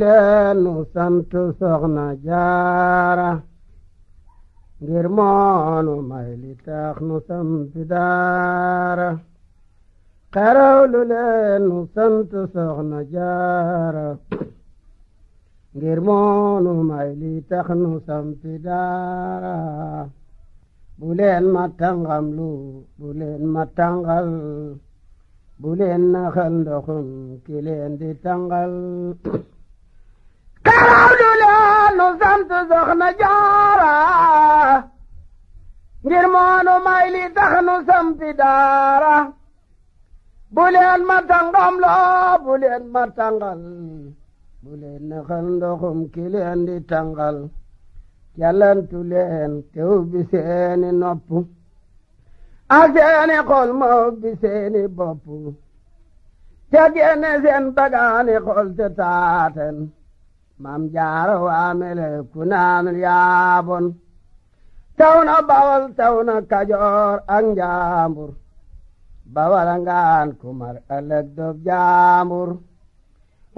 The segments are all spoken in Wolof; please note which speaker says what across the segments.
Speaker 1: leenu sant soxna jaara ngir moonu may li tax nu sampi daara xeraw lu leenu sant soxna jaara ngir moonu may li tax nu sampi daara bu ma tàngam lu bu ma tàngal bu leen naxal ndoxum ki di tàngal nu sant soxna jaara ngir moonu may tax nu sampi daara bu ma tàngam loo bu ma tàngal bu leen naxal ndoxum ki di tàngal jalantu leen te ubbi seeni nopp ak seeni xol ma ubbi seeni bopp te génne seen bagaani xol te taaten maam jaara waamele ku naan yaabon taw na bawal taw na kajoor ak njaambur bawal ngaan ku mar ëllëg dob jaambur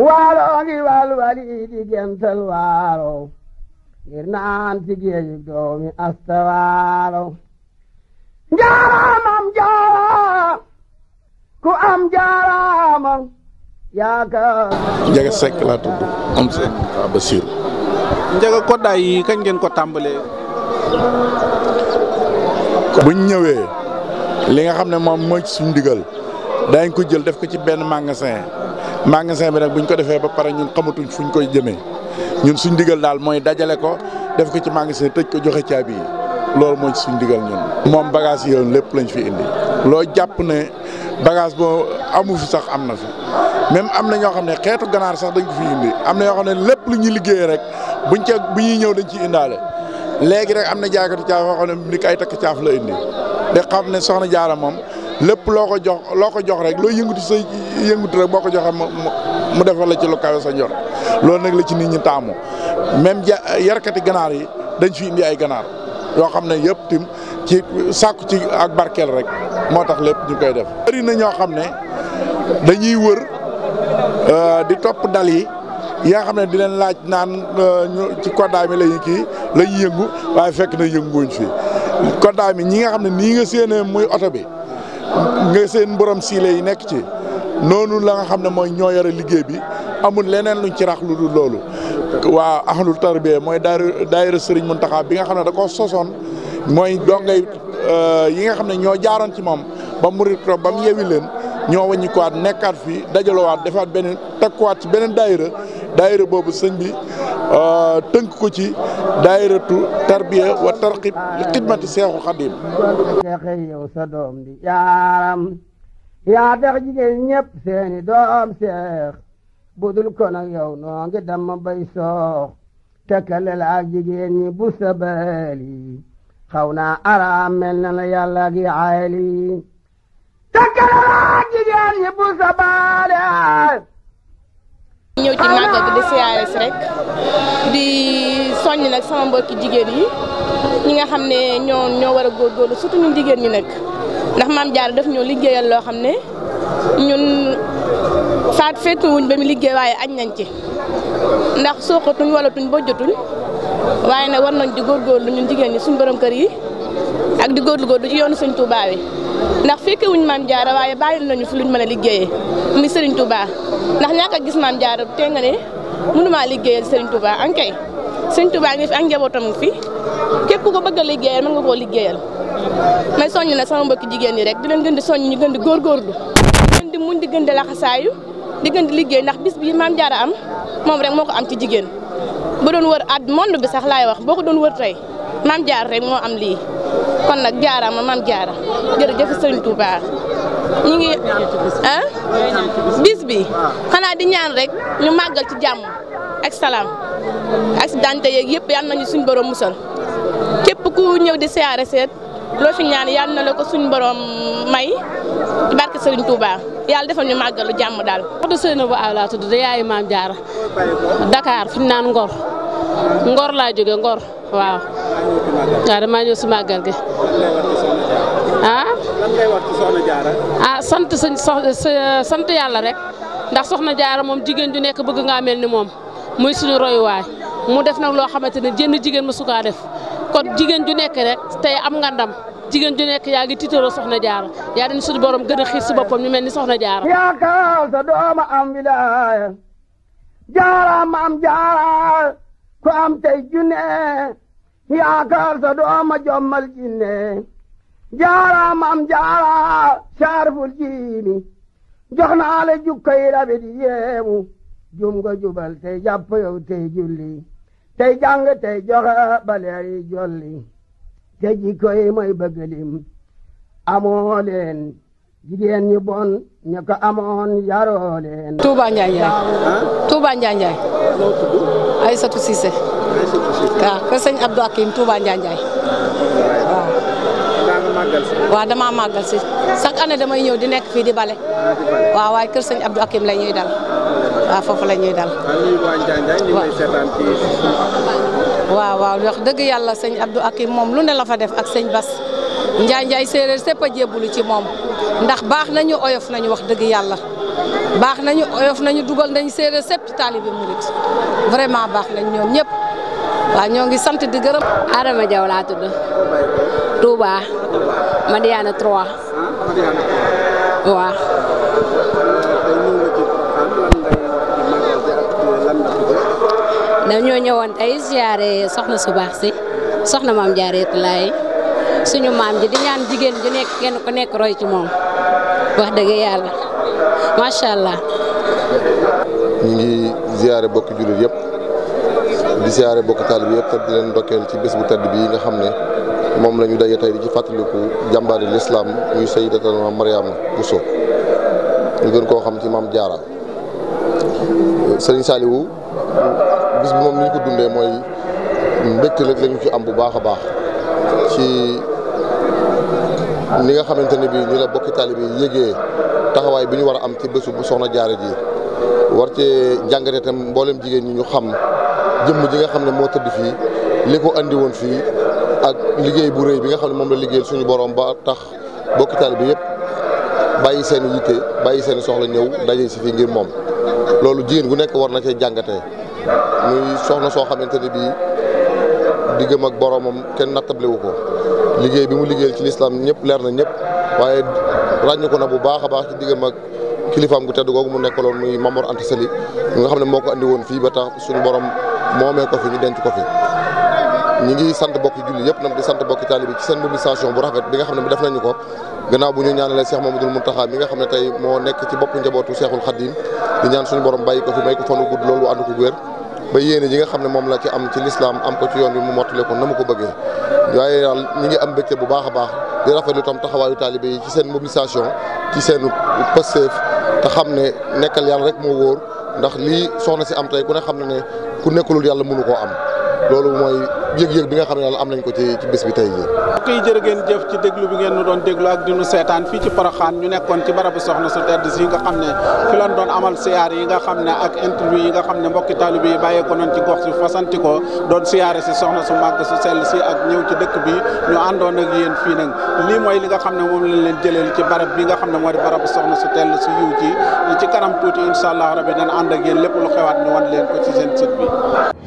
Speaker 1: waaloo ngi wal wali di gental waaloo ngir naan ci géejug doomi asta waaloo njaara maam jaara ku am jaara moom Njaga
Speaker 2: Seck laa tudd am Seck waaw Basiir. Njaga koddaay yi kañ ngeen ko tàmbalee. buñ ñëwee li nga xam ne moom mooy suñ digal daañ ko jël def ko ci benn magasin magasin bi nag buñ ko defee ba pare ñun xamatuñ fuñ koy jëmee ñun suñ digal daal mooy dajale ko def ko ci magasin tëj ko joxe caabi yi loolu mooy suñ digal ñun. moom bagage yi yoon lépp lañ fi indi loo jàpp ne bagage boo amu fi sax am na fi. même am na ñoo xam ne xeetu ganaar sax dañ ko fi indi am na yoo xam ne lépp lu ñuy liggéeyee rek buñ ca bu ñuy ñëw dañ ciy indaale léegi rek am na jaaykatu caaf yoo xam ne ni ay takk caaf la indi de xam ne soxna jaara moom lépp loo ko jox loo ko jox rek loo yëngutu sa yëngutu rek boo ko joxee mu defal la ci lu kawe sa njor loolu nag la ci nit ñi taamu même ja yarkati ganaar yi dañ fi indi ay ganaar yoo xam ne yëpp tim ci sàkku ci ak barkeel rek moo tax lépp ñu koy def. bëri na ñoo xam ne dañuy Euh, di topp dal yi yi nga xam ne di leen laaj naan euh, ci koddaa mi la kii la yëngu waaye fekk na yënguñ fi koddaa mi ñi nga xam ne nii nga séenee muy oto bi nga seen borom siile yi nekk ci noonu la nga xam ne mooy ñoo yore liggéey bi amul leneen luñ ci rax lu loolu waa ahlul tarbiya mooy daayira sëriñ Muntaxa bi nga xam ne da ko sosoon mooy dongay euh, yi nga xam ne ñoo jaaroon ci moom ba murit ba mu yewi leen ñoo wàññi ko waat nekkaat fii dajalowaat defaat beneen takkuwaat ci beneen daayira daayira boobu sëñ bi euh, tënk ko ci daayiratu tarbiya wa tarqib li xidmati seexu xadim
Speaker 1: yow sa doom yaaram yaa tax jigéen ñëpp seeni doom seex budul ko nag yow noo ngi dama bay soox tekkale la jigéen ñi bu sabali xaw naa araam mel na la yàlla gi takkalaat jigéen ñëw ci màggal gi di CAS rek
Speaker 3: di soññ nag sama mbokki jigéen yi ñi nga xam ne ñoo ñoo war a góorgóorlu surtout ñun jigéen ñi nag ndax maam Diarra daf ñoo liggéeyal loo xam ne ñun faat féetuwuñ ba mu liggéey waaye añ nañ ci ndax suuxatuñ walatuñ bojjatuñ waaye nag war nañ góor góorgóorlu ñun jigéen ñi suñ borom kër yi di ak di góorgóorlu ci yoonu sëñ Touba wi ndax fekke wuñ maam jaara waaye bàyyil nañu fi luñ mën a liggéeyee muy sëriñ Touba ndax ñàkk a gis maam jaara te nga ne mënumaa liggéeyal sëriñ Touba ankay sëriñ Touba ngi fi ak njabootam fi képp ko bëgg a liggéeyal mën nga koo liggéeyal may soññ na sama mbokki jigéen ñi rek di leen gën di soññ ñu gën di góorgóorlu di gën di muñ di gën di laxasaayu di gën liggéey ndax bis bi maam jaara am moom rek moo ko am ci jigéen bu doon wër at monde bi sax laay wax boo ko doon wër tey maam jaar rek moo am lii kon nag jaaraama maam jaara jërëjëf sëñ Touba ñu ngi ah bis bi xanaa di ñaan rek ñu màggal ci jàmm ak salaam accident yeeg yëpp yal nañu suñ borom musal képp ku ñëw di siyaare seet loo fi ñaan yal na la ko suñ borom may ci barke Serigne Touba yàlla defal ñu màggalu jàmm daal. wax dëgg Seynabou Aw laa tudd yaayu maam jaara dakaar fi ñu naan Ngor. Ngor laa jóge Ngor waaw. waaw damaa ñëw si màggal gi.
Speaker 1: ah. lan ah, ngay wax
Speaker 3: ci sant sant yàlla rek ndax soxna jaaro moom jigéen ju nekk bëgg nga mel ni moom muy suñu royuwaay mu def na loo xamante ne jënn jigéen ma sukaa def kon jigéen ju nekk rek tey am nga ndam jigéen ju nekk yaa ngi tiitaroo soxna Jaara yaa dañ suñu borom gën a xiir si boppam ñu mel ni soxna Jaara.
Speaker 1: yaakaar sa dooma am wilaaya jaara ma am jaara. ku am tey junne yaakaar sa dooma jommal jinne jaara mam jaara saarful jiili jox naa la jukkay rabit yeewu jum jubal tey jàpp yow tey julli tey jàng tey joxe baleer jolli te jikko yi mooy bëgg lim amoo bon ñu ko amoon yaroo
Speaker 3: leen.
Speaker 1: Aïssatou Cissé
Speaker 3: waaw kër sëñ Abdou Akim Touba Njaanjaay waaw waaw damaa màggal si chaque année damay ñëw di nekk fii di bale waaw waaye kër sëñ Abdou Akim la ñuy dal waaw foofu la ñuy dal waaw waaw wax dëgg yàlla sëñ Abdou Akim moom lu ne la fa def ak sëñ Bas Njaanjaay séeréer sépp a ci moom ndax baax nañu oyof nañu wax dëgg yàlla baax nañu oyof nañu dugal nañu séeréer sépp taalibe murit vraiment baax nañ ñoom ñëpp waaw ñoo ngi sant di gërëm. Adama Diaw laa tudd Touba Madiana 3 waaw. dañoo ñëwoon tey ziare soxna su baax si soxna maam jaareet laay suñu maam ji di ñaan jigéen ju nekk kenn ku nekk roy ci moom wax dëgg yàlla. macha allah.
Speaker 4: ngi ziare bokki jullit yëpp di ziare bokki taalib yëpp te di leen ndokkeel ci bés bu tedd bii nga xam ne moom la ñu daje tey di ci fàttaliku jàmbari lislaam ngi muy sayyidatuna Mariama Bousso ñu gën koo xam ci maam Jaara sëriñ Saliou bis bi moom ni ñu ko dundee mooy mbégte rek lañu ci am bu baax a baax ci ni nga xamante ne bii ñu la bokki taalib yi yëgee taxawaay bi ñu war a am ci bésu bu soxna jaare ji war ci jàngate tam mboolem jigéen ñi ñu xam jëmm ji nga xam ne moo tëdd fii li ko indi woon fii ak liggéey bu rëy bi nga xam ne moom la liggéeyal suñu borom ba tax bokki taal bi yëpp bàyyi seen yitte bàyyi seen soxla ñëw daje si fii ngir moom loolu jigéen gu nekk war na cee jàngate muy soxna soo xamante ne bii diggam ak boromam kenn nattable wu ko liggéey bi mu liggéeyal ci lislaam ñëpp leer na ñëpp waaye ràññu ko na bu baax a baax ci diggam ak kilifaam gu tedd googu mu nekkaloon muy Mamor Anta Sali nga xam ne moo ko andi woon fii ba tax suñu borom moomee ko fi ñu denc ko fi. ñi ngi sant bokki julli yëpp sant bokki taalibi ci seen mobilisation bu bi nga xam ne bi def nañu ko gannaaw bu ñu ñaanalee Cheikh Mamadou Mountakha mi nga xam ne tey moo nekk ci bopp njabootu Cheikhul Khadim di ñaan suñu borom bàyyi ko fi may ko fanu gudd loolu ànd ko wér ba yéene ji nga xam ne moom la ci am ci lislaam am ko ci yoon bi mu mottale ko na mu ko bëggee waaye daal ñi ngi am mbégte bu baax a baax di rafetlu tam taxawaayu taalibe yi ci seen mobilisation ci seen pësteef te xam ne nekkal yàlla rek moo wóor ndax lii soxna si am tey ku ne xam ne ne ku nekkulul yàlla mënu koo am loolu mooy yëg-yëg bi nga xam ne daal am nañ ko ci ci bés bi tey jii.
Speaker 2: mbokk yi jërë jëf ci déglu bi ngeen nu doon déglu ak di nu seetaan fii ci Porokhane ñu nekkoon ci barabu soxna su tedd si nga xam ne fi doon amal siyaar yi nga xam ne ak interview yi nga xam ne mbokki taalibe yi bàyyee ko noon ci gox si fasanti ko doon siyaare si soxna su màgg su sell si ak ñëw ci dëkk bi ñu àndoon ak yéen fii nag lii mooy li nga xam ne moom lañ leen jëleel ci barab bi nga xam ne moo di barabu soxna su tell su yiw ji ci kanam tuuti incha allah rabi dana ànd ak yéen lépp lu xewaat ñu wan leen ko ci seen site bi